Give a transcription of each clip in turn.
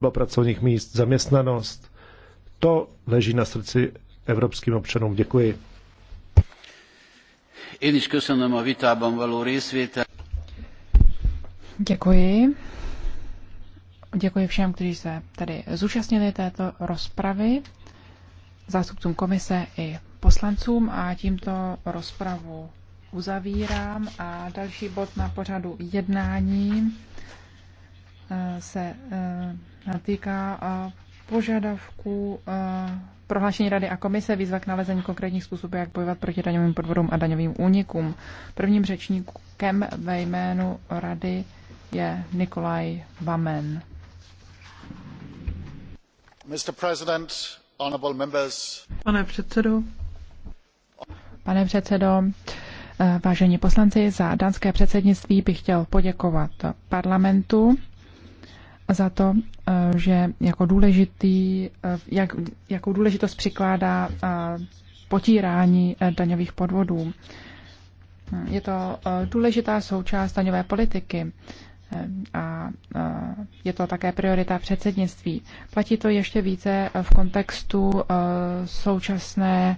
tvorba pracovních míst, zaměstnanost. To leží na srdci evropským občanům. Děkuji. a Děkuji. Děkuji všem, kteří se tady zúčastnili této rozpravy, zástupcům komise i poslancům a tímto rozpravu uzavírám a další bod na pořadu jednání Eh, se eh, týká požadavků eh, prohlášení Rady a komise výzva k nalezení konkrétních způsobů, jak bojovat proti daňovým podvodům a daňovým únikům. Prvním řečníkem ve jménu Rady je Nikolaj Vamen. Mr. President, honorable members. Pane předsedo. Pane předsedo, vážení poslanci, za dánské předsednictví bych chtěl poděkovat parlamentu za to, eh, že jako důležitý, eh, jak, jakou důležitost přikládá eh, potírání daňových podvodů. Je to důležitá součást daňové politiky a je to také priorita předsednictví. Platí to ještě více v kontextu e, současného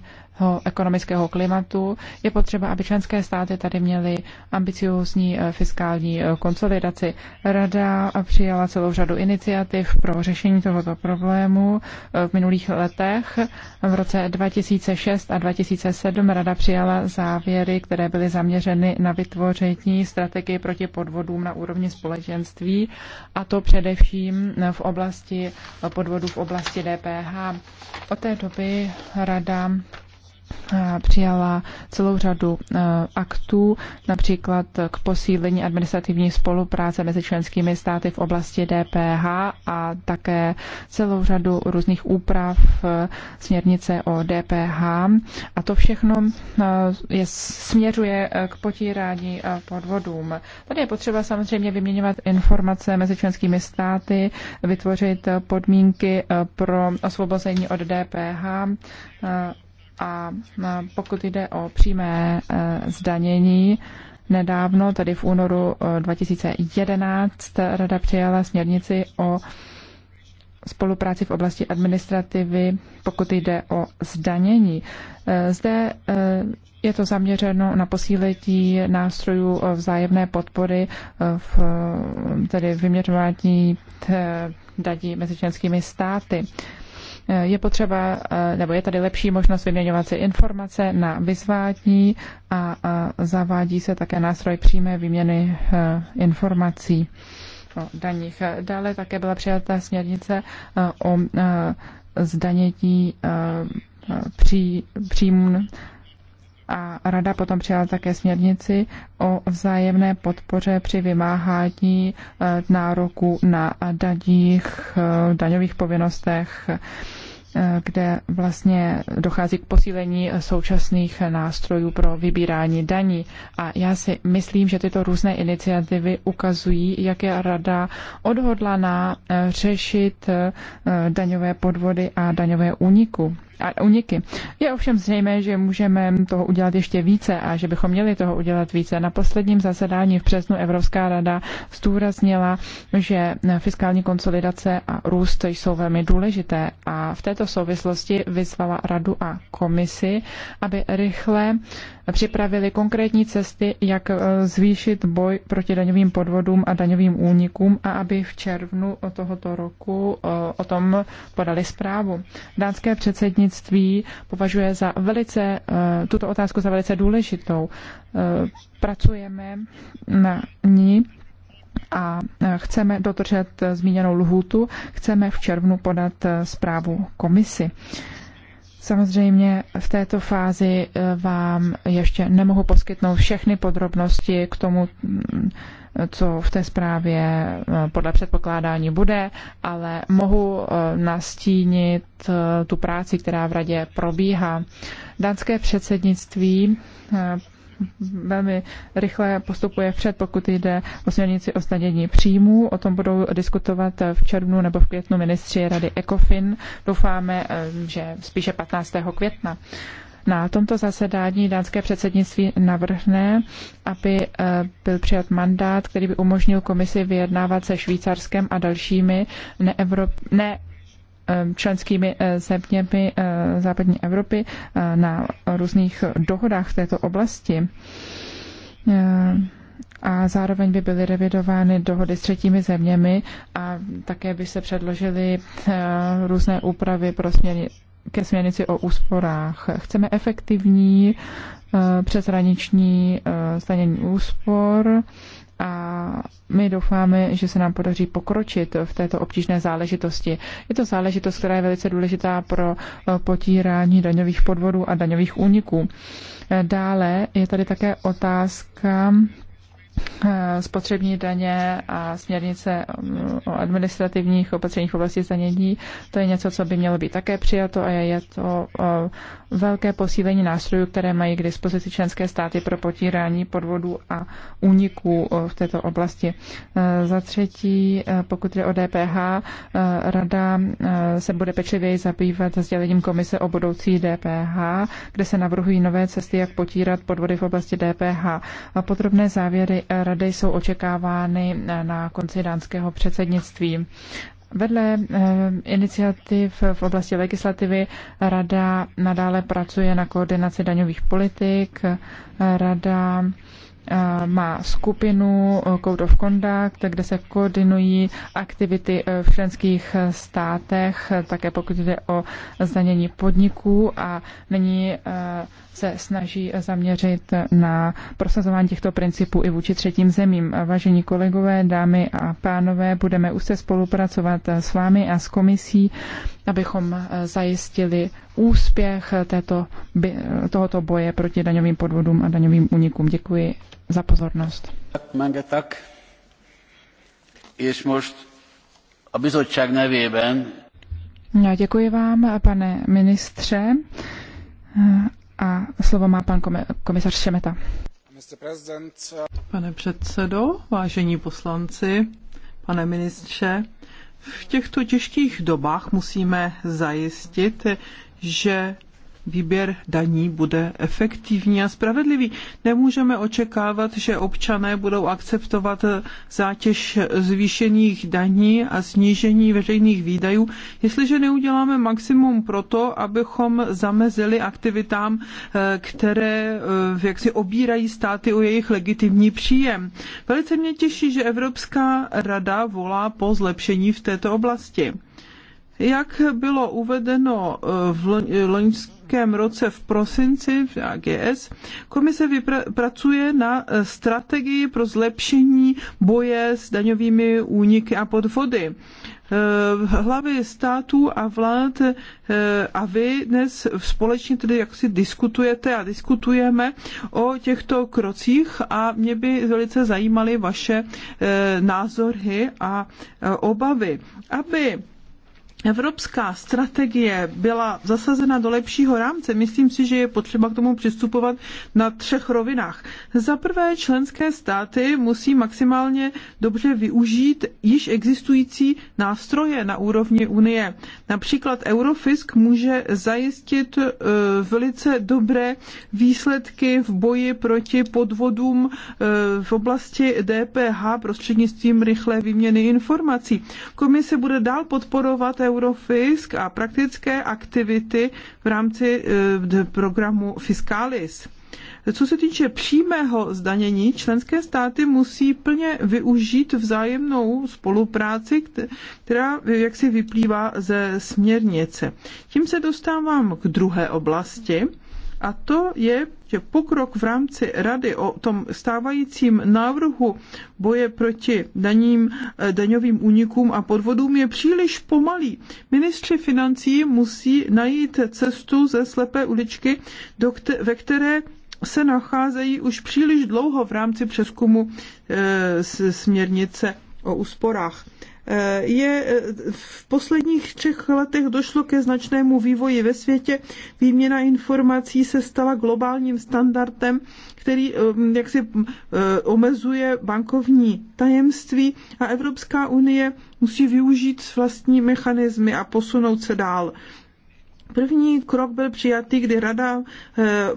ekonomického klimatu. Je potřeba, aby členské státy tady měly ambiciózní e, fiskální e, konsolidaci. Rada přijala celou řadu iniciativ pro řešení tohoto problému v minulých letech. V roce 2006 a 2007 Rada přijala závěry, které byly zaměřeny na vytvoření strategie proti podvodům na úrovni společenství, a to především v oblasti podvodu v oblasti DPH. Od té doby rada přijala celou řadu e, aktů, například k posílení administrativní spolupráce mezi členskými státy v oblasti DPH a také celou řadu různých úprav e, směrnice o DPH. A to všechno e, je, směřuje k potírání podvodům. Tady je potřeba samozřejmě vyměňovat informace mezi členskými státy, vytvořit podmínky pro osvobození od DPH a pokud jde o přímé e, zdanění, nedávno, tedy v únoru 2011, e, Rada přijala směrnici o spolupráci v oblasti administrativy, pokud jde o zdanění. E, zde je to zaměřeno na posílení nástrojů vzájemné podpory, v, tedy vyměřování daní mezi členskými státy je potřeba, eh, nebo je tady lepší možnost vyměňovat si informace na vyzvání a zavádí se také nástroj přímé výměny eh, informací o daních. Dále také byla přijata směrnice eh, o zdanění příjmů a Rada potom přijala také směrnici o vzájemné podpoře při vymáhání eh, nároku na daních, eh, daňových povinnostech eh, kde vlastně dochází k posílení současných nástrojů pro vybírání daní. A já si myslím, že tyto různé iniciativy ukazují, jak je rada odhodlaná řešit daňové podvody a daňové úniku a uniky. Je ovšem zřejmé, že můžeme toho udělat ještě více a že bychom měli toho udělat více. Na posledním zasedání v březnu Evropská rada zdůraznila, že fiskální konsolidace a růst jsou velmi důležité a v této souvislosti vyzvala radu a komisi, aby rychle připravili konkrétní cesty, jak e, zvýšit boj proti daňovým podvodům a daňovým únikům a aby v červnu tohoto roku e, o tom podali zprávu. Dánské předsednictví považuje za velice, e, tuto otázku za velice důležitou. Pracujeme na ní a chceme dotržet zmíněnou lhůtu, chceme v červnu podat zprávu komisi. Samozřejmě v této fázi eh, vám ještě nemohu poskytnout všechny podrobnosti k tomu, mm, co v té zprávě eh, podle předpokládání bude, ale mohu eh, nastínit tu práci, která v radě probíhá. Dánské předsednictví velmi rychle postupuje vpřed, pokud jde o směrnici o stadění příjmů. O tom budou diskutovat v červnu nebo v květnu ministři Rady ECOFIN. Doufáme, eh, že spíše 15. května. Na tomto zasedání dánské předsednictví navrhne, aby eh, byl přijat mandát, který by umožnil komisi vyjednávat se Švýcarskem a dalšími neevro... ne Eh, členskými eh, zeměmi eh, západní Evropy na různých dohodách v této oblasti. A zároveň by byly revidovány dohody s třetími zeměmi a také by se předložily různé úpravy pro směny, ke směrnici o úsporách. Chceme efektivní přeshraniční stanění úspor a my doufáme, že se nám podaří pokročit v této obtížné záležitosti. Je to záležitost, která je velice důležitá pro eh, potírání daňových podvodů a daňových úniků. Eh, dále je tady také otázka Eh, spotřební daně a směrnice mm, o administrativních opatřeních v oblasti zdanění. To je něco, co by mělo být také přijato a je to eh, velké posílení nástrojů, které mají k dispozici členské státy pro potírání podvodů a úniků eh, v této oblasti. Za třetí, pokud je o DPH, rada se bude pečlivěji zabývat sdělením komise o budoucí DPH, kde se navrhují nové cesty, jak potírat podvody v oblasti DPH. a Podrobné závěry rady jsou očekávány na konci dánského předsednictví. Vedle eh, iniciativ v oblasti legislativy Rada nadále pracuje na koordinaci daňových politik. Rada eh, má skupinu eh, Code of Conduct, kde se koordinují aktivity v členských státech, také pokud jde o zdanění podniků a není se snaží zaměřit na prosazování těchto principů i vůči třetím zemím. Vážení kolegové, dámy a pánové, budeme už se spolupracovat s vámi a s komisí, abychom zajistili úspěch této, tohoto boje proti daňovým podvodům a daňovým unikům. Děkuji za pozornost. tak. a bizottság nevében Děkuji vám, pane ministře a slovo má pan komisař Šemeta. Pane předsedo, vážení poslanci, pane ministře, v těchto těžkých dobách musíme zajistit, že výběr daní bude efektivní a spravedlivý. Nemůžeme očekávat, že občané budou akceptovat zátěž zvýšených daní a snížení veřejných výdajů, jestliže neuděláme maximum pro to, abychom zamezili aktivitám, eh, které eh, jaksi obírají státy o jejich legitimní příjem. Velice mě těší, že Evropská rada volá po zlepšení v této oblasti. Jak bylo uvedeno eh, v loňském loňském roce v prosinci v AGS, komise pracuje na eh, strategii pro zlepšení boje s daňovými úniky a podvody eh, hlavy států a vlád eh, a vy dnes společně tedy jak si diskutujete a diskutujeme o těchto krocích a mě by velice zajímaly vaše názory a obavy, aby evropská strategie byla zasazena do lepšího rámce, myslím si, že je potřeba k tomu přistupovat na třech rovinách. Za prvé, členské státy musí maximálně dobře využít již existující nástroje na úrovni Unie. Například Eurofisk může zajistit eh, velice dobré výsledky v boji proti podvodům eh, v oblasti DPH prostřednictvím rychlé výměny informací. Komise bude dál podporovat Eurofisk a praktické aktivity v rámci eh, programu Fiscalis. Co se týče přímého zdanění, členské státy musí plně využít vzájemnou spolupráci, která eh, si vyplývá ze směrnice. Tím se dostávám k druhé oblasti, a to je že pokrok v rámci rady o tom stávajícím návrhu boje proti daním, eh, daňovým únikům a podvodům je příliš pomalý. Ministři financí musí najít cestu ze slepé uličky, ve které se nacházejí už příliš dlouho v rámci přeskumu e, směrnice o úsporách je eh, v posledních třech letech došlo ke značnému vývoji ve světě. Výměna informací se stala globálním standardem, který eh, jaksi eh, omezuje bankovní tajemství a Evropská unie musí využít vlastní mechanismy a posunout se dál. První krok byl přijatý, kdy rada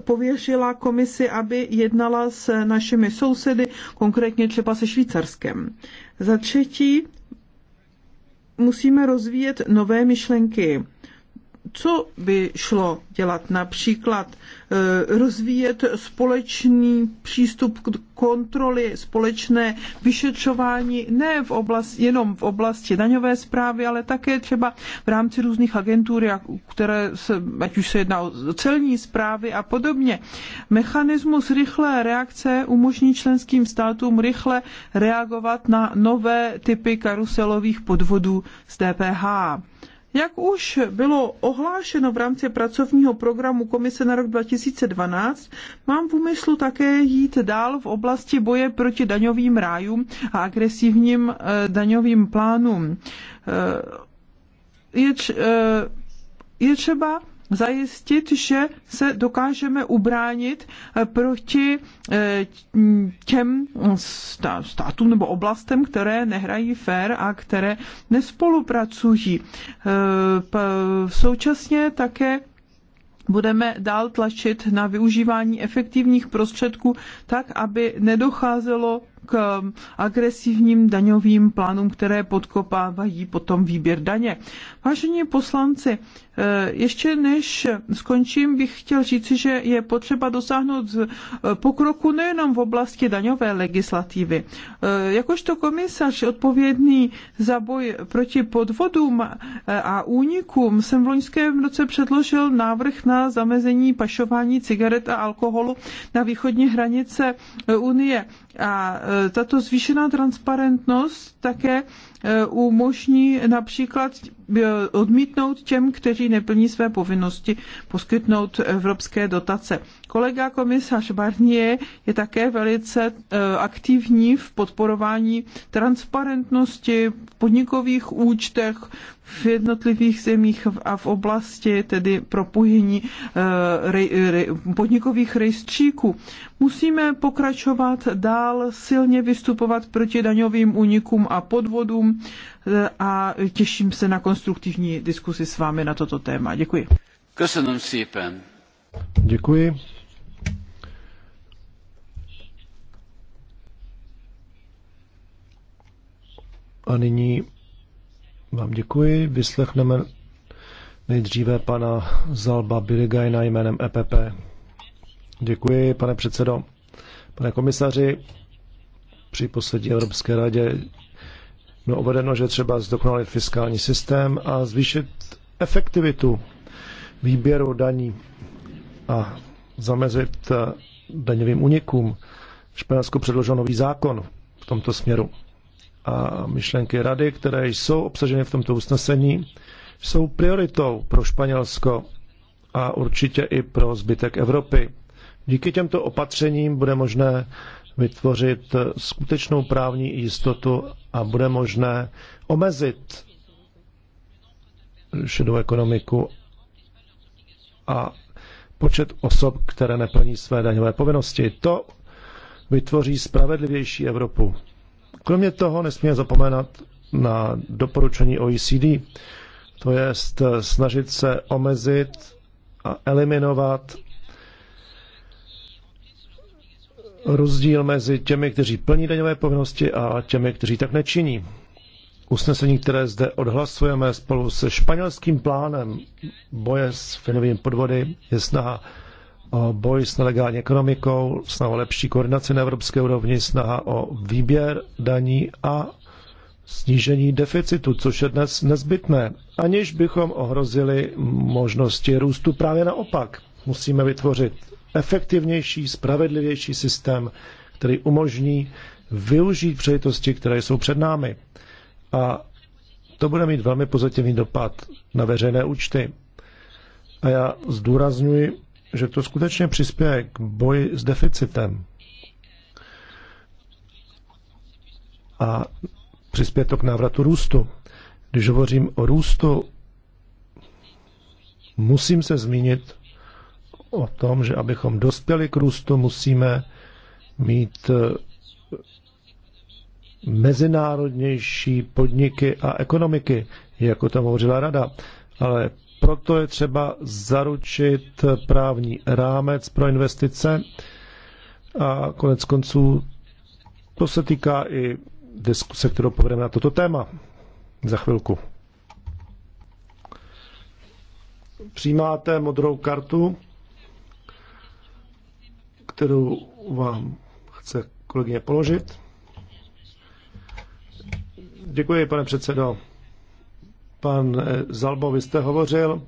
pověřila komisi, aby jednala s našimi sousedy, konkrétně třeba se Švýcarskem. Za třetí musíme rozvíjet nové myšlenky co by šlo dělat? Například eh, rozvíjet společný přístup k kontroly, společné vyšetřování, ne v oblast, jenom v oblasti daňové zprávy, ale také třeba v rámci různých agentur, které se, ať už se jedná o celní zprávy a podobně. Mechanismus rychlé reakce umožní členským státům rychle reagovat na nové typy karuselových podvodů z DPH. Jak už bylo ohlášeno v rámci pracovního programu Komise na rok 2012, mám v úmyslu také jít dál v oblasti boje proti daňovým rájům a agresivním eh, daňovým plánům. Eh, je, eh, je třeba zajistit, že se dokážeme ubránit eh, proti eh, těm eh, státům nebo oblastem, které nehrají fair a které nespolupracují. Současně také Budeme dál tlačit na využívání efektivních prostředků tak, aby nedocházelo k agresivním daňovým plánům, které podkopávají potom výběr daně. Vážení poslanci, Eh, ještě než skončím, bych chtěl říci, že je potřeba dosáhnout eh, pokroku nejenom v oblasti daňové legislativy. Eh, jakožto komisař odpovědný za boj proti podvodům a únikům jsem v loňském roce předložil návrh na zamezení pašování cigaret a alkoholu na východní hranice Unie. A tato zvýšená transparentnost také umožní například Eh, odmítnout těm, kteří neplní své povinnosti poskytnout evropské dotace. Kolega komisař Barnier je také velice eh, aktivní v podporování transparentnosti v podnikových účtech v jednotlivých zemích a v oblasti tedy propojení eh, podnikových rejstříků. Musíme pokračovat dál silně vystupovat proti daňovým únikům a podvodům a těším se na konstruktivní diskusi s vámi na toto téma. Děkuji. Děkuji. A nyní vám děkuji. Vyslechneme nejdříve pana Zalba Birgajna jménem EPP. Děkuji, pane předsedo. Pane komisaři, při poslední Evropské radě bylo no, uvedeno, že třeba zdokonalit fiskální systém a zvýšit efektivitu výběru daní a zamezit eh, daňovým unikům. Španělsku předložil nový zákon v tomto směru. A myšlenky rady, které jsou obsaženy v tomto usnesení, jsou prioritou pro Španělsko a určitě i pro zbytek Evropy. Díky těmto opatřením bude možné vytvořit skutečnou právní jistotu a bude možné omezit šedou ekonomiku a počet osob, které neplní své daňové povinnosti. To vytvoří spravedlivější Evropu. Kromě toho nesmíme zapomenat na doporučení OECD, to je snažit se omezit a eliminovat rozdíl mezi těmi, kteří plní daňové povinnosti a těmi, kteří tak nečiní. Usnesení, které zde odhlasujeme spolu se španělským plánem boje s finovými podvody, je snaha o boj s nelegální ekonomikou, snaha o lepší koordinaci na evropské úrovni, snaha o výběr daní a snížení deficitu, což je dnes nezbytné, aniž bychom ohrozili možnosti růstu právě naopak. Musíme vytvořit efektivnější, spravedlivější systém, který umožní využít přejitosti, které jsou před námi. A to bude mít velmi pozitivní dopad na veřejné účty. A já zdůraznuju, že to skutečně přispěje k boji s deficitem. A přispěje to k návratu růstu. Když hovořím o růstu, musím se zmínit o tom, že abychom dospěli k růstu, musíme mít eh, mezinárodnější podniky a ekonomiky, jako tam hovořila rada. Ale proto je třeba zaručit právní rámec pro investice a konec konců to se týká i diskuse, kterou povedeme na toto téma za chvilku. Přijímáte modrou kartu? kterou vám chce kolegyně položit. Děkuji, pane předsedo. Pan eh, Zalbo, vy jste hovořil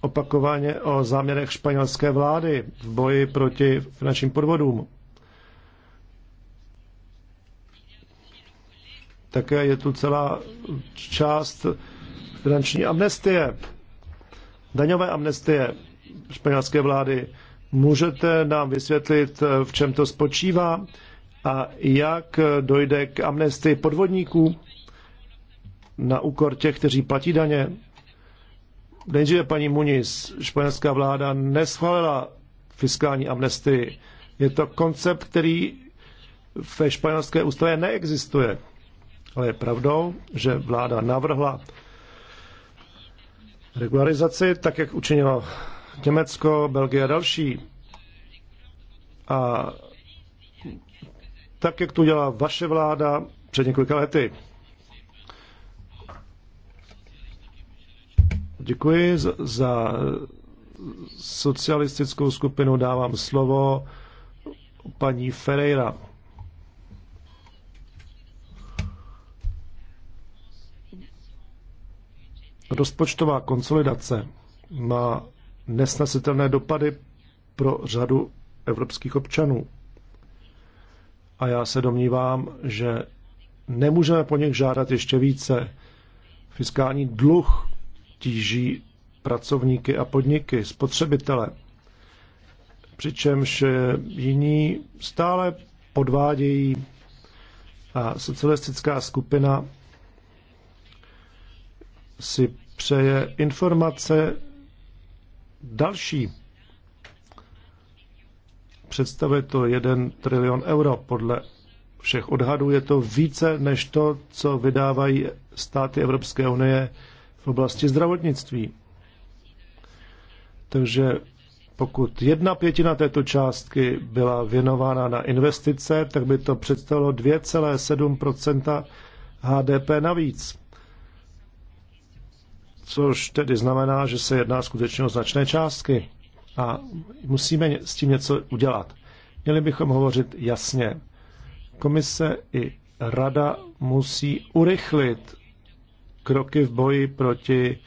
opakovaně o záměrech španělské vlády v boji proti finančním podvodům. Také je tu celá část finanční amnestie, daňové amnestie španělské vlády. Můžete nám vysvětlit, v čem to spočívá a jak dojde k amnestii podvodníků na úkor těch, kteří platí daně? Nejdříve paní Muniz, španělská vláda neschválila fiskální amnestii. Je to koncept, který ve španělské ústavě neexistuje. Ale je pravdou, že vláda navrhla regularizaci, tak jak učinila Německo, Belgie a další. A tak, jak to dělá vaše vláda před několika lety. Děkuji za socialistickou skupinu. Dávám slovo paní Ferreira. Rozpočtová konsolidace má nesnesitelné dopady pro řadu evropských občanů. A já se domnívám, že nemůžeme po nich žádat ještě více. Fiskální dluh tíží pracovníky a podniky, spotřebitele. Přičemž jiní stále podvádějí a socialistická skupina si přeje informace další představuje to 1 trilion euro. Podle všech odhadů je to více než to, co vydávají státy Evropské unie v oblasti zdravotnictví. Takže pokud jedna pětina této částky byla věnována na investice, tak by to představilo 2,7 HDP navíc což tedy znamená, že se jedná skutečně o značné částky a musíme s tím něco udělat. Měli bychom hovořit jasně. Komise i rada musí urychlit kroky v boji proti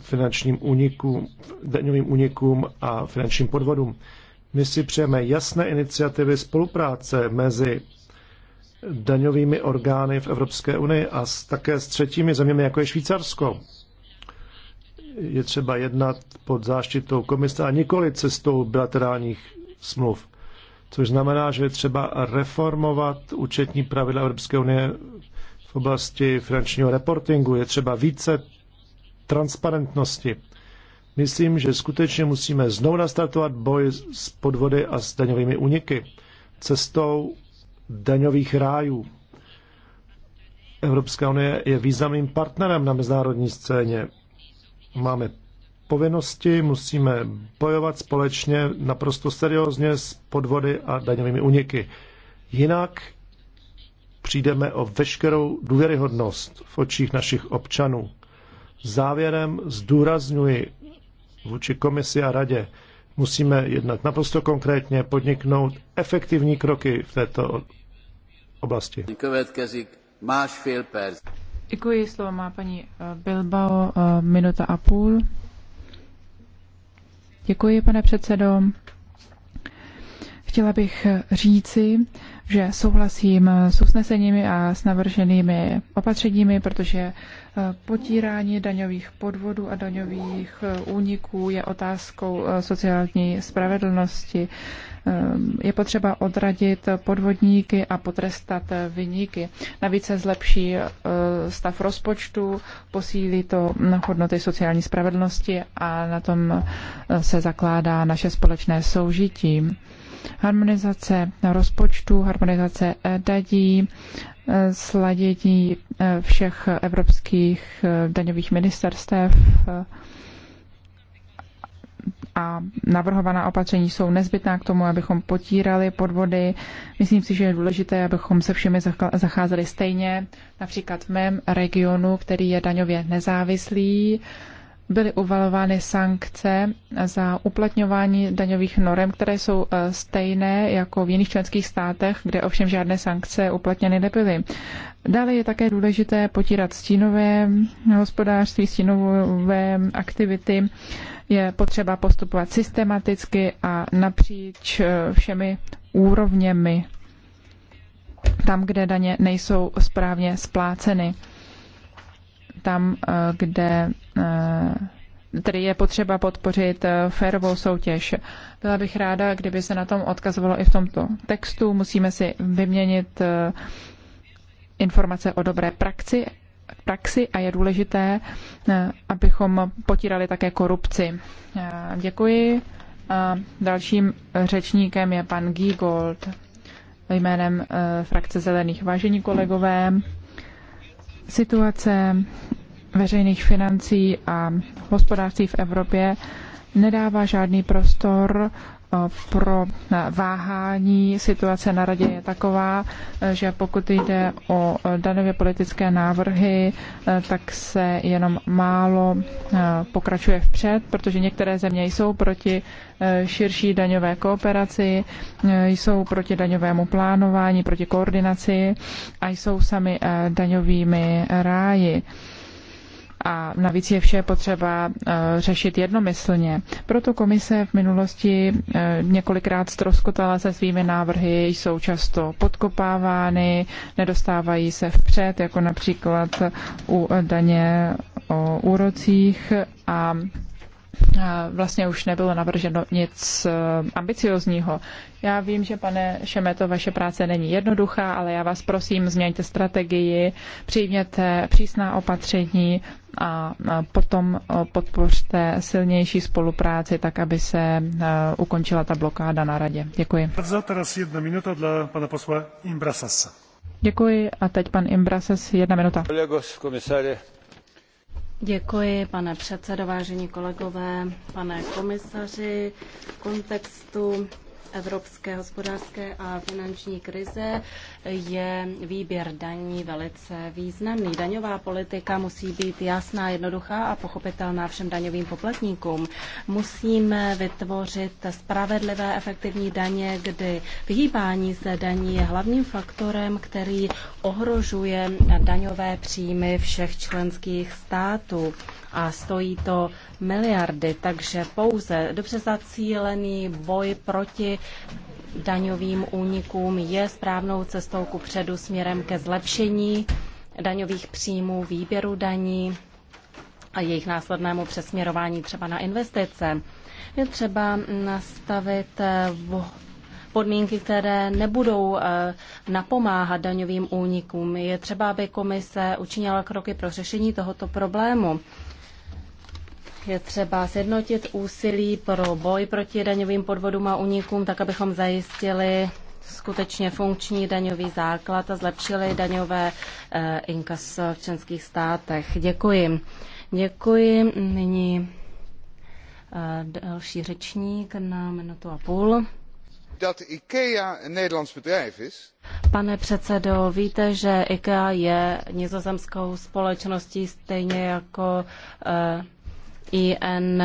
finančním únikům, daňovým únikům a finančním podvodům. My si přejeme jasné iniciativy spolupráce mezi daňovými orgány v Evropské unii a s také s třetími zeměmi, jako je Švýcarsko. Je třeba jednat pod záštitou komise a nikoli cestou bilaterálních smluv. Což znamená, že je třeba reformovat účetní pravidla Evropské unie v oblasti finančního reportingu. Je třeba více transparentnosti. Myslím, že skutečně musíme znovu nastartovat boj s podvody a s daňovými úniky cestou daňových rájů. Evropská unie je významným partnerem na mezinárodní scéně. Máme povinnosti, musíme bojovat společně naprosto seriózně s podvody a daňovými uniky. Jinak přijdeme o veškerou důvěryhodnost v očích našich občanů. Závěrem zdůrazňuji vůči komisi a radě, Musíme jednat naprosto konkrétně podniknout efektivní kroky v této oblasti. Děkuji, slovo má paní eh, Bilbao, eh, minuta a půl. Děkuji, pane předsedo. Chtěla bych říci, že souhlasím s usneseními a s navrženými opatřeními, protože eh, potírání daňových podvodů a daňových eh, úniků je otázkou eh, sociální spravedlnosti. Je potřeba odradit podvodníky a potrestat vyníky. Navíc se zlepší stav rozpočtu, posílí to hm, hodnoty sociální spravedlnosti a na tom se zakládá naše společné soužití harmonizace rozpočtu, harmonizace daní, sladění eh, všech evropských eh, daňových ministerstev eh, a navrhovaná opatření jsou nezbytná k tomu, abychom potírali podvody. Myslím si, že je důležité, abychom se všemi zacházeli stejně. Například v mém regionu, který je daňově nezávislý, byly uvalovány sankce za uplatňování daňových norem, které jsou eh, stejné jako v jiných členských státech, kde ovšem žádné sankce uplatněny nebyly. Dále je také důležité potírat stínové hospodářství, stínové aktivity. Je potřeba postupovat systematicky a napříč eh, všemi úrovněmi tam, kde daně nejsou správně spláceny tam, eh, kde eh, tedy je potřeba podpořit eh, férovou soutěž. Byla bych ráda, kdyby se na tom odkazovalo i v tomto textu. Musíme si vyměnit informace o dobré praxi, praxi a je důležité, abychom potírali také korupci. Děkuji. A dalším řečníkem je pan Giegold jménem frakce Zelených. Vážení kolegové, Situace veřejných financí a hospodářství v Evropě nedává žádný prostor pro váhání situace na radě je taková, že pokud jde o danově politické návrhy, tak se jenom málo eh, pokračuje vpřed, protože některé země jsou proti eh, širší daňové kooperaci, eh, jsou proti daňovému plánování, proti koordinaci a jsou sami daňovými ráji a navíc je vše potřeba eh, řešit jednomyslně. Proto komise v minulosti eh, několikrát stroskotala se svými návrhy, jsou často podkopávány, nedostávají se vpřed, jako například u daně o úrocích a vlastně už nebylo navrženo nic eh, ambiciozního. Já vím, že pane Šemeto, vaše práce není jednoduchá, ale já vás prosím, změňte strategii, přijměte přísná opatření a potom eh, podpořte silnější spolupráci, tak aby se eh, ukončila ta blokáda na radě. Děkuji. Teraz jedna minuta dla pana posla Imbrasasa. Děkuji a teď pan Imbrases, jedna minuta. komisáře, Děkuji, pane předsedo, vážení kolegové, pane komisaři. V kontextu evropské hospodářské a finanční krize je výběr daní velice významný. Daňová politika musí být jasná, jednoduchá a pochopitelná všem daňovým poplatníkům. Musíme vytvořit spravedlivé, efektivní daně, kdy vyhýbání se daní je hlavním faktorem, který ohrožuje daňové příjmy všech členských států a stojí to miliardy, takže pouze dobře zacílený boj proti daňovým únikům je správnou cestou ku předu směrem ke zlepšení daňových příjmů, výběru daní a jejich následnému přesměrování třeba na investice. Je třeba nastavit eh, podmínky, které nebudou eh, napomáhat daňovým únikům. Je třeba, aby komise učinila kroky pro řešení tohoto problému je třeba sjednotit úsilí pro boj proti daňovým podvodům a únikům, tak abychom zajistili skutečně funkční daňový základ a zlepšili daňové eh, inkaso v členských státech. Děkuji. Děkuji. Nyní eh, další řečník na minutu a půl. Dat IKEA een Nederlands bedrijf is. Pane předsedo, víte, že IKEA je nizozemskou společností stejně jako eh, IN,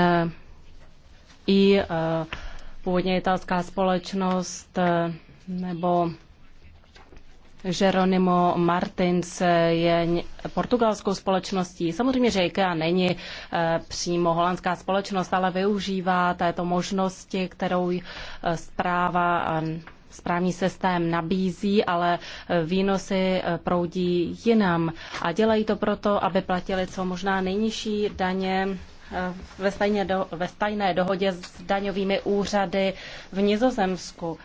I, eh, původně italská společnost, eh, nebo Jeronimo Martins je portugalskou společností. Samozřejmě, že IKEA není eh, přímo holandská společnost, ale využívá této možnosti, kterou zpráva správní systém nabízí, ale výnosy proudí jinam. A dělají to proto, aby platili co možná nejnižší daně Eh, ve stejné, do, ve dohodě s daňovými úřady v Nizozemsku.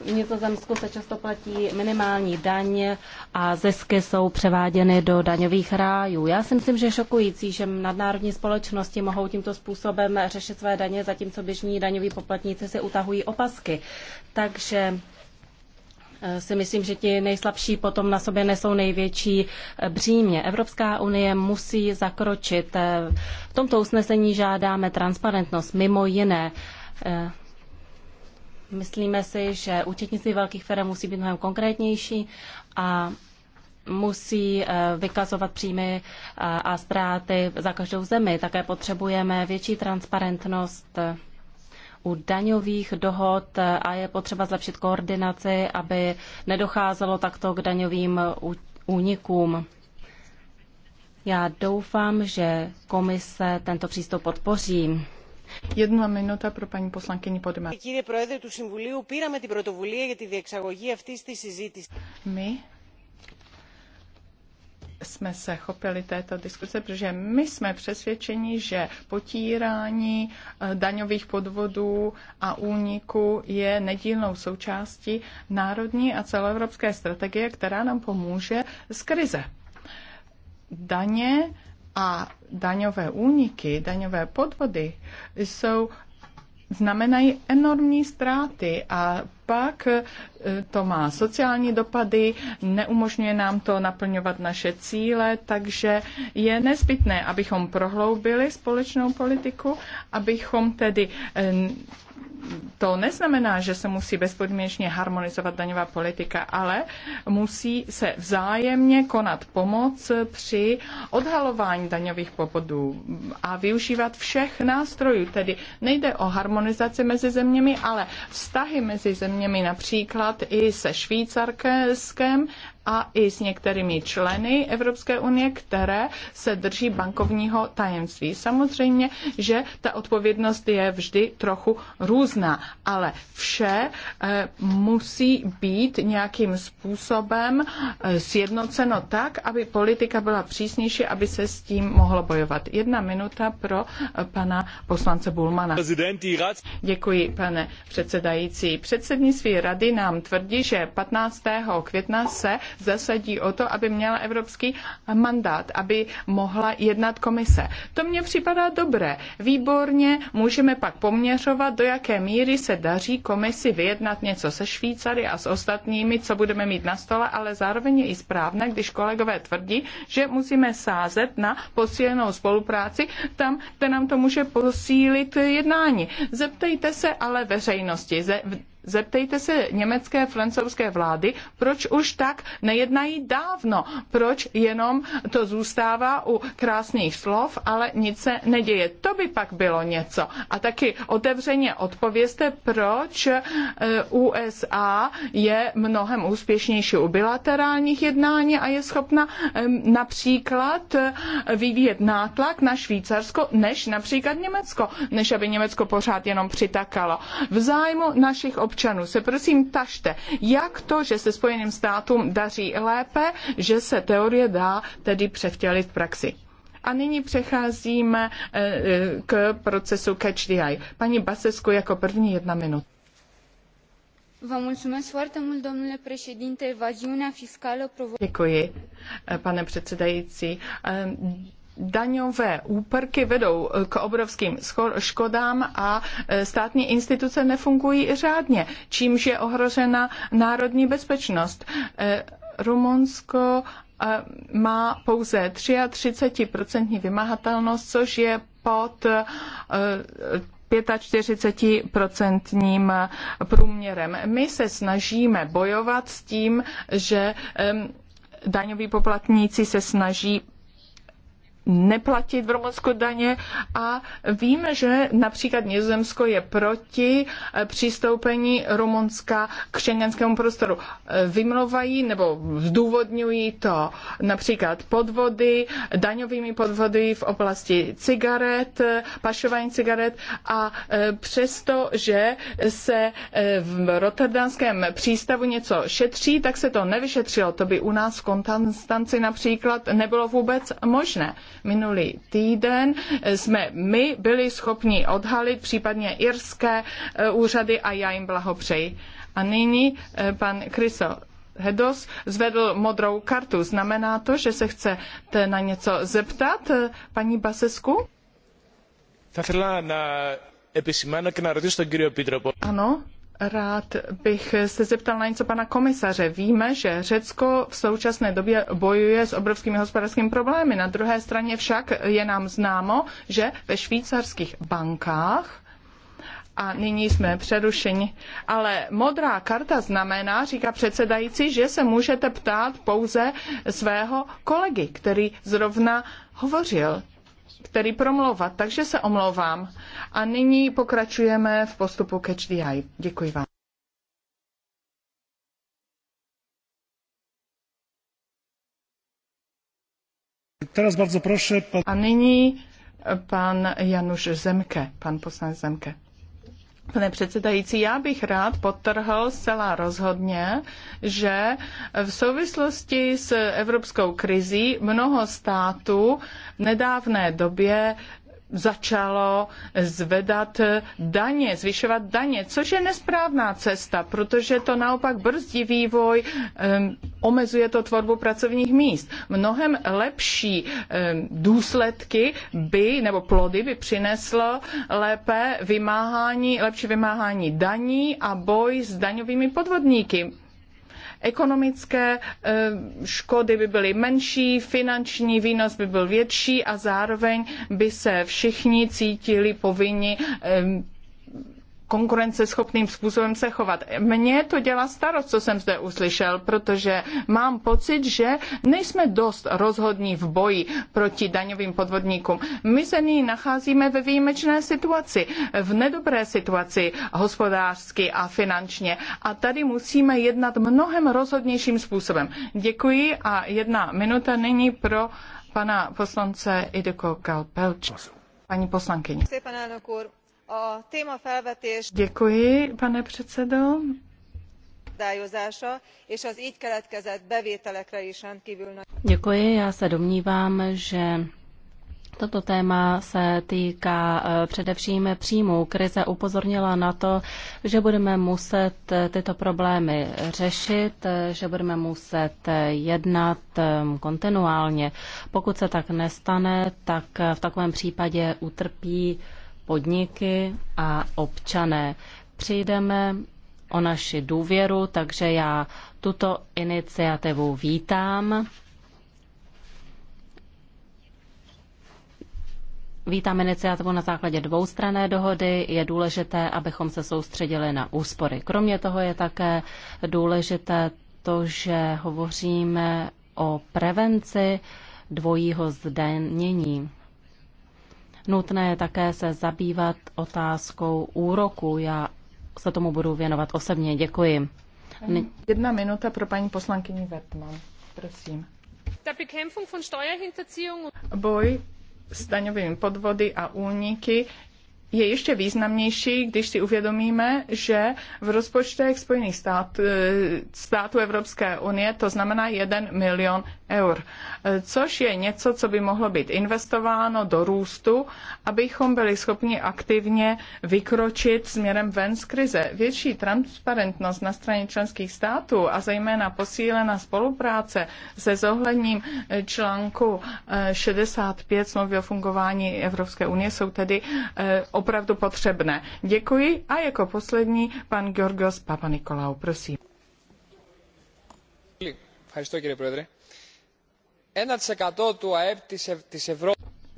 V Nizozemsku se často platí minimální daň a zisky jsou převáděny do daňových rájů. Já si myslím, že je šokující, že nadnárodní společnosti mohou tímto způsobem řešit své daně, zatímco běžní daňoví poplatníci si utahují opasky. Takže Eh, si myslím, že ti nejslabší potom na sobě nesou největší eh, břímě. Evropská unie musí zakročit. Eh, v tomto usnesení žádáme transparentnost, mimo jiné. Myslíme si, že účetnictví velkých firm musí být mnohem konkrétnější a musí vykazovat příjmy a ztráty za každou zemi. Také potřebujeme větší transparentnost u daňových dohod a je potřeba zlepšit koordinaci, aby nedocházelo takto k daňovým únikům. Já doufám, že komise tento přístup podpoří. Jedna minuta pro paní poslankyni Podima. My jsme se chopili této diskuse, protože my jsme přesvědčeni, že potírání eh, daňových podvodů a úniku je nedílnou součástí národní a celoevropské strategie, která nám pomůže z krize. Daně a daňové úniky, daňové podvody jsou znamenají enormní ztráty a naopak e, to má sociální dopady, neumožňuje nám to naplňovat naše cíle, takže je nezbytné, abychom prohloubili společnou politiku, abychom tedy e, to neznamená, že se musí bezpodmínečně harmonizovat daňová politika, ale musí se vzájemně konat pomoc při odhalování daňových popodů a využívat všech nástrojů. Tedy nejde o harmonizaci mezi zeměmi, ale vztahy mezi zeměmi například i se Švýcarskem a i s některými členy Evropské unie, které se drží bankovního tajemství. Samozřejmě, že ta odpovědnost je vždy trochu různá, ale vše eh, musí být nějakým způsobem eh, sjednoceno tak, aby politika byla přísnější, aby se s tím mohlo bojovat. Jedna minuta pro eh, pana poslance Bulmana. Děkuji, pane předsedající. Předsednictví rady nám tvrdí, že 15. května se zasadí o to, aby měla evropský mandát, aby mohla jednat komise. To mně připadá dobré. Výborně můžeme pak poměřovat, do jaké míry se daří komisi vyjednat něco se Švýcary a s ostatními, co budeme mít na stole, ale zároveň je i správné, když kolegové tvrdí, že musíme sázet na posílenou spolupráci tam, kde nám to může posílit jednání. Zeptejte se ale veřejnosti, Zeptejte se německé, francouzské vlády, proč už tak nejednají dávno, proč jenom to zůstává u krásných slov, ale nic se neděje. To by pak bylo něco. A taky otevřeně odpovězte, proč e, USA je mnohem úspěšnější u bilaterálních jednání a je schopna například e, vyvíjet nátlak na Švýcarsko, než například Německo, než aby Německo pořád jenom přitakalo. V zájmu našich občanů občanů se prosím tažte, jak to, že se Spojeným státům daří lépe, že se teorie dá tedy převtělit v praxi. A nyní přecházíme eh, eh, k procesu Catch the Eye. Paní Basesku jako první jedna minuta. Děkuji, eh, pane předsedající daňové úprky vedou eh, k obrovským škodám a eh, státní instituce nefungují řádně, čímž je ohrožena národní bezpečnost. Eh, Rumunsko má pouze 33% vymahatelnost, což je pod 45% průměrem. My se snažíme bojovat s tím, že daňoví poplatníci se snaží neplatit v Rumunsku daně a víme že například Nizozemsko je proti eh, přistoupení Rumunska k šengenskému prostoru. Eh, vymlouvají nebo zdůvodňují to například podvody, daňovými podvody v oblasti cigaret, pašování cigaret a eh, přesto, že se v rotterdamském přístavu něco šetří, tak se to nevyšetřilo. To by u nás v Konstanci například nebylo vůbec možné. Minulý týden jsme my byli schopni odhalit případně irské e, úřady a já jim blahopřeji. A nyní e, pan Kryso Hedos zvedl modrou kartu. Znamená to, že se chcete na něco zeptat, e, paní Basesku? Θα ήθελα να επισημάνω και να ρωτήσω τον κύριο Επίτροπο. Ano, Rád bych se zeptal na něco pana komisaře. Víme, že Řecko v současné době bojuje s obrovskými hospodářskými problémy. Na druhé straně však je nám známo, že ve švýcarských bankách a nyní jsme přerušeni. Ale modrá karta znamená, říká předsedající, že se můžete ptát pouze svého kolegy, který zrovna hovořil který promlouvat, takže se omlouvám. A nyní pokračujeme v postupu Catch the Eye. Děkuji vám. A nyní pan Januš Zemke, pan poslanec Zemke. Pane předsedající, já bych rád potrhl zcela rozhodně, že v souvislosti s evropskou krizí mnoho států v nedávné době začalo zvedat daně, zvyšovat daně, což je nesprávná cesta, protože to naopak brzdí vývoj, omezuje to tvorbu pracovních míst. Mnohem lepší důsledky by, nebo plody by přineslo lépe vymáhání, lepší vymáhání daní a boj s daňovými podvodníky. Ekonomické eh, škody by byly menší, finanční výnos by byl větší a zároveň by se všichni cítili povinni eh, konkurenceschopným způsobem se chovat. Mně to dělá starost, co jsem zde uslyšel, protože mám pocit, že nejsme dost rozhodní v boji proti daňovým podvodníkům. My se nyní nacházíme ve výjimečné situaci, v nedobré situaci hospodářsky a finančně a tady musíme jednat mnohem rozhodnějším způsobem. Děkuji a jedna minuta nyní pro pana poslance Ideko Kalpelč. Paní poslankyně. Děkuji, pane předsedo. Děkuji, já se domnívám, že Toto téma se týká eh, především příjmů. Krize upozornila na to, že budeme muset eh, tyto problémy řešit, eh, že budeme muset jednat kontinuálně. Pokud se tak nestane, tak v takovém případě utrpí podniky a občané. Přijdeme o naši důvěru, takže já tuto iniciativu vítám. Vítám iniciativu na základě dvoustrané dohody. Je důležité, abychom se soustředili na úspory. Kromě toho je také důležité to, že hovoříme o prevenci dvojího zdanění. Nutné je také se zabývat otázkou úroku. Já se tomu budu věnovat osobně. Děkuji. Jedna minuta pro paní poslankyni Vertman. Prosím. Boj s daňovými podvody a úniky je ještě významnější, když si uvědomíme, že v rozpočtech Spojených stát, e, států Evropské unie to znamená 1 milion eur, což je něco, co by mohlo být investováno do růstu, abychom byli schopni aktivně vykročit směrem ven z krize. Větší transparentnost na straně členských států a zejména posílená spolupráce se zohledním článku 65 e, smlouvy o fungování Evropské unie jsou tedy e, opravdu potřebné. Děkuji a jako poslední pan Georgos Papanikolaou, prosím.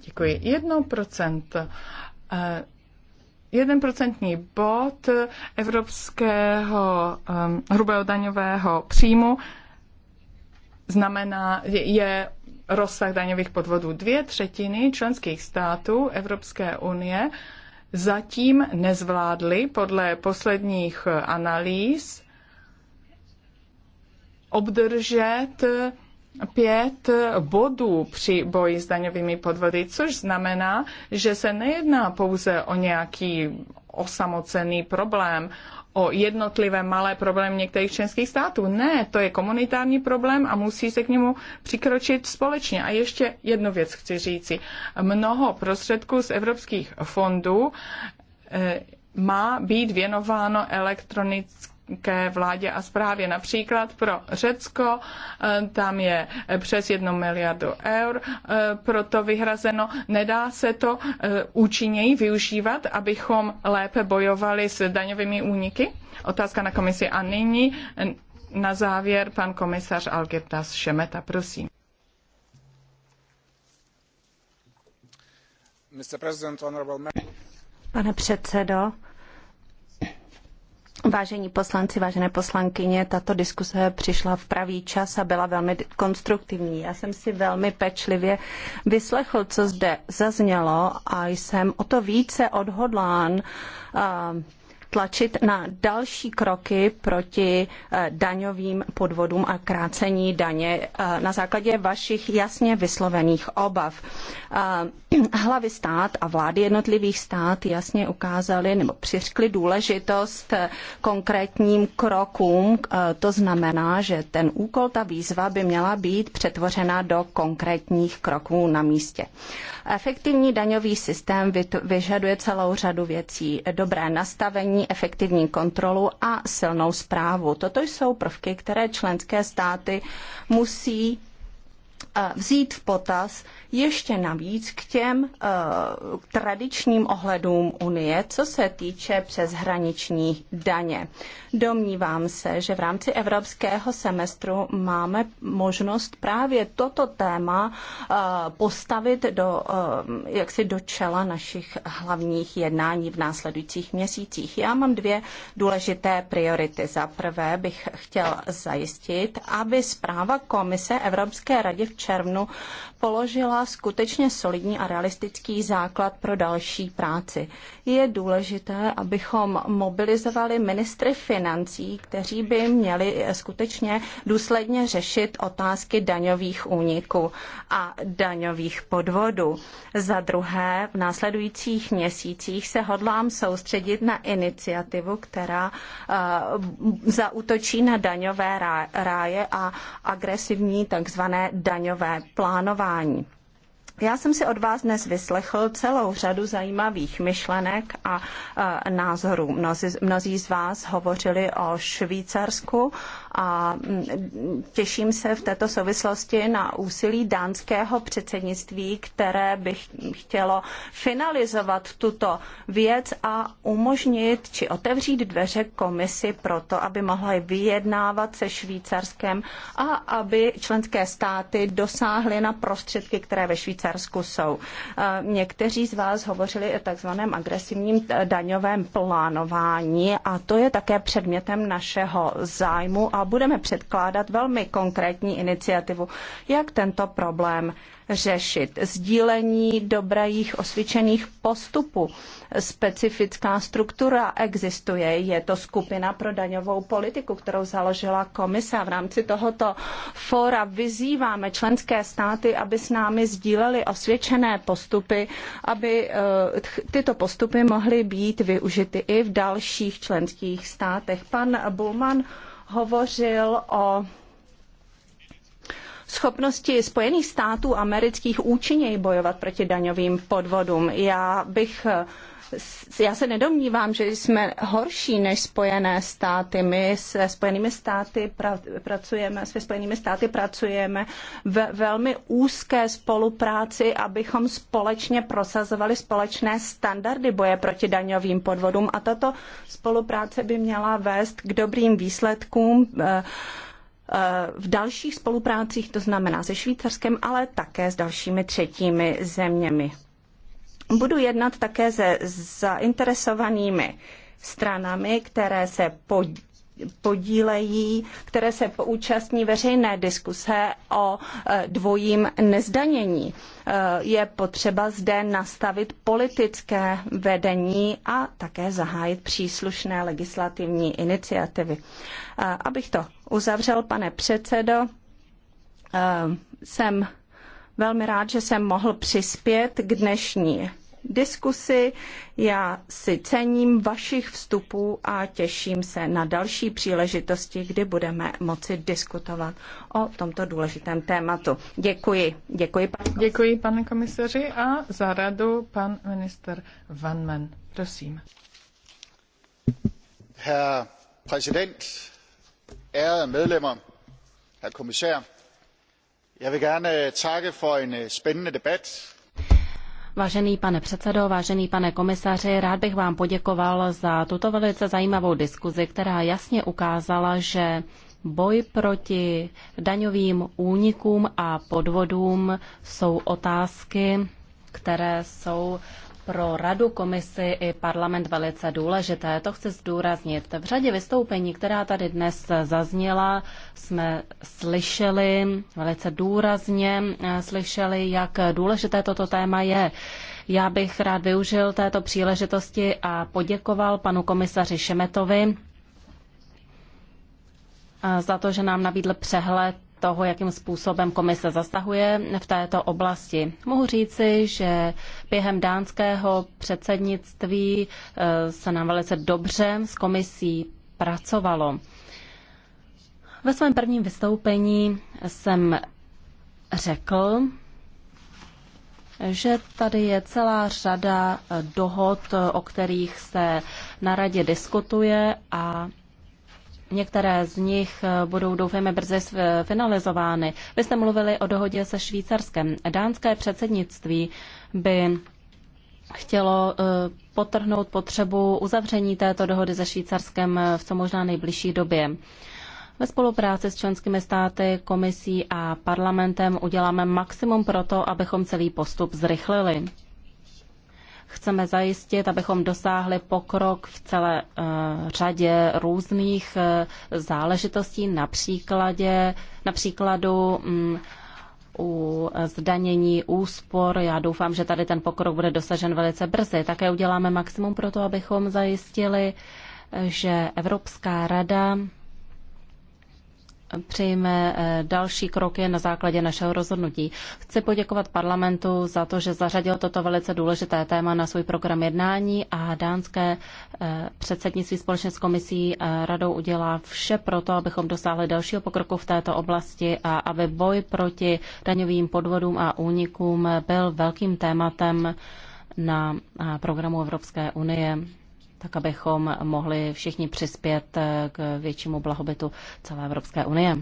Děkuji. Jedno procent. Eh, jeden procentní bod evropského eh, hrubého daňového příjmu znamená, je rozsah daňových podvodů. Dvě třetiny členských států Evropské unie zatím nezvládly podle posledních analýz obdržet pět bodů při boji s daňovými podvody, což znamená, že se nejedná pouze o nějaký osamocený problém o jednotlivé malé problémy některých členských států. Ne, to je komunitární problém a musí se k němu přikročit společně. A ještě jednu věc chci říci. Mnoho prostředků z evropských fondů eh, má být věnováno elektronicky ke vládě a správě. Například pro Řecko eh, tam je přes 1 miliardu eur eh, proto vyhrazeno. Nedá se to eh, účinněji využívat, abychom lépe bojovali s daňovými úniky? Otázka na komisi. A nyní na závěr pan komisař Algirdas Šemeta, prosím. Pane předsedo, Vážení poslanci, vážené poslankyně, tato diskuse přišla v pravý čas a byla velmi konstruktivní. Já jsem si velmi pečlivě vyslechl, co zde zaznělo a jsem o to více odhodlán uh, tlačit na další kroky proti eh, daňovým podvodům a krácení daně eh, na základě vašich jasně vyslovených obav. Eh, hlavy stát a vlády jednotlivých stát jasně ukázaly nebo přiřkly důležitost konkrétním krokům. To znamená, že ten úkol, ta výzva by měla být přetvořena do konkrétních kroků na místě. Efektivní daňový systém vyžaduje celou řadu věcí. Dobré nastavení efektivní, kontrolu a silnou zprávu. Toto jsou prvky, které členské státy musí vzít v potaz ještě navíc k těm uh, tradičním ohledům Unie, co se týče přeshraniční daně. Domnívám se, že v rámci evropského semestru máme možnost právě toto téma uh, postavit do, uh, jaksi do čela našich hlavních jednání v následujících měsících. Já mám dvě důležité priority. Za prvé bych chtěl zajistit, aby zpráva Komise Evropské radě v v červnu položila skutečně solidní a realistický základ pro další práci. Je důležité, abychom mobilizovali ministry financí, kteří by měli skutečně důsledně řešit otázky daňových úniků a daňových podvodů. Za druhé, v následujících měsících se hodlám soustředit na iniciativu, která uh, eh, zautočí na daňové ráje a agresivní takzvané daňové plánování hlasování. Já jsem si od vás dnes vyslechl celou řadu zajímavých myšlenek a e, názorů. Mnozí, mnozí z vás hovořili o Švýcarsku a těším se v této souvislosti na úsilí dánského předsednictví, které by chtělo finalizovat tuto věc a umožnit či otevřít dveře komisi pro to, aby mohla vyjednávat se Švýcarskem a aby členské státy dosáhly na prostředky, které ve Švýcarsku Švýcarsku jsou. Někteří z vás hovořili o takzvaném agresivním daňovém plánování a to je také předmětem našeho zájmu a budeme předkládat velmi konkrétní iniciativu, jak tento problém řešit. Sdílení dobrých osvědčených postupů. Specifická struktura existuje. Je to skupina pro daňovou politiku, kterou založila komise. A v rámci tohoto fóra vyzýváme členské státy, aby s námi sdíleli osvědčené postupy, aby eh, tyto postupy mohly být využity i v dalších členských státech. Pan Bulman hovořil o schopnosti Spojených států amerických účinněji bojovat proti daňovým podvodům. Já bych já se nedomnívám, že jsme horší než Spojené státy. My se Spojenými státy pra, pracujeme, se Spojenými státy pracujeme ve velmi úzké spolupráci, abychom společně prosazovali společné standardy boje proti daňovým podvodům a tato spolupráce by měla vést k dobrým výsledkům eh, Eh, v dalších spoluprácích, to znamená se Švýcarskem, ale také s dalšími třetími zeměmi. Budu jednat také se zainteresovanými stranami, které se podílejí, které se účastní veřejné diskuse o e, dvojím nezdanění. E, je potřeba zde nastavit politické vedení a také zahájit příslušné legislativní iniciativy. E, abych to uzavřel, pane předsedo, jsem velmi rád, že jsem mohl přispět k dnešní diskusi. Já si cením vašich vstupů a těším se na další příležitosti, kdy budeme moci diskutovat o tomto důležitém tématu. Děkuji. Děkuji, pan Děkuji, pane komisaři, a za radu pan minister Vanman. Prosím. Herr Präsident, ærede medlemmer, herr kommissær. Jeg vil gerne takke for en spændende debat Vážený pane předsedo, vážený pane komisaři, rád bych vám poděkoval za tuto velice zajímavou diskuzi, která jasně ukázala, že boj proti daňovým únikům a podvodům jsou otázky, které jsou pro radu, komisi i parlament velice důležité. To chci zdůraznit. V řadě vystoupení, která tady dnes zazněla, jsme slyšeli, velice důrazně eh, slyšeli, jak důležité toto téma je. Já bych rád využil této příležitosti a poděkoval panu komisaři Šemetovi eh, za to, že nám nabídl přehled toho, jakým způsobem komise zasahuje v této oblasti. Mohu říci, že během dánského předsednictví eh, se nám velice dobře s komisí pracovalo. Ve svém prvním vystoupení jsem řekl, že tady je celá řada dohod, o kterých se na radě diskutuje a Některé z nich eh, budou, doufejme, brzy finalizovány. Vy jste mluvili o dohodě se Švýcarskem. Dánské předsednictví by chtělo eh, potrhnout potřebu uzavření této dohody se Švýcarskem eh, v co možná nejbližší době. Ve spolupráci s členskými státy, komisí a parlamentem uděláme maximum pro to, abychom celý postup zrychlili chceme zajistit, abychom dosáhli pokrok v celé eh, řadě různých eh, záležitostí, napříkladě, napříkladu mm, u zdanění úspor. Já doufám, že tady ten pokrok bude dosažen velice brzy. Také uděláme maximum pro to, abychom zajistili, eh, že Evropská rada přijme eh, další kroky na základě našeho rozhodnutí. Chci poděkovat parlamentu za to, že zařadil toto velice důležité téma na svůj program jednání a dánské eh, předsednictví společně s komisí eh, radou udělá vše pro to, abychom dosáhli dalšího pokroku v této oblasti a aby boj proti daňovým podvodům a únikům byl velkým tématem na programu Evropské unie tak abychom mohli všichni přispět eh, k většímu blahobytu celé Evropské unie.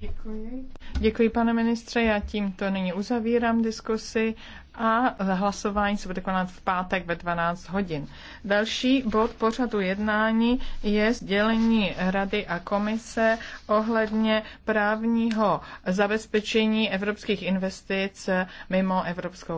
Děkuji. Děkuji, pane ministře. Já tímto nyní uzavírám diskusi a hlasování se bude konat v pátek ve 12 hodin. Další bod pořadu jednání je sdělení Rady a komise ohledně právního zabezpečení evropských investic mimo Evropskou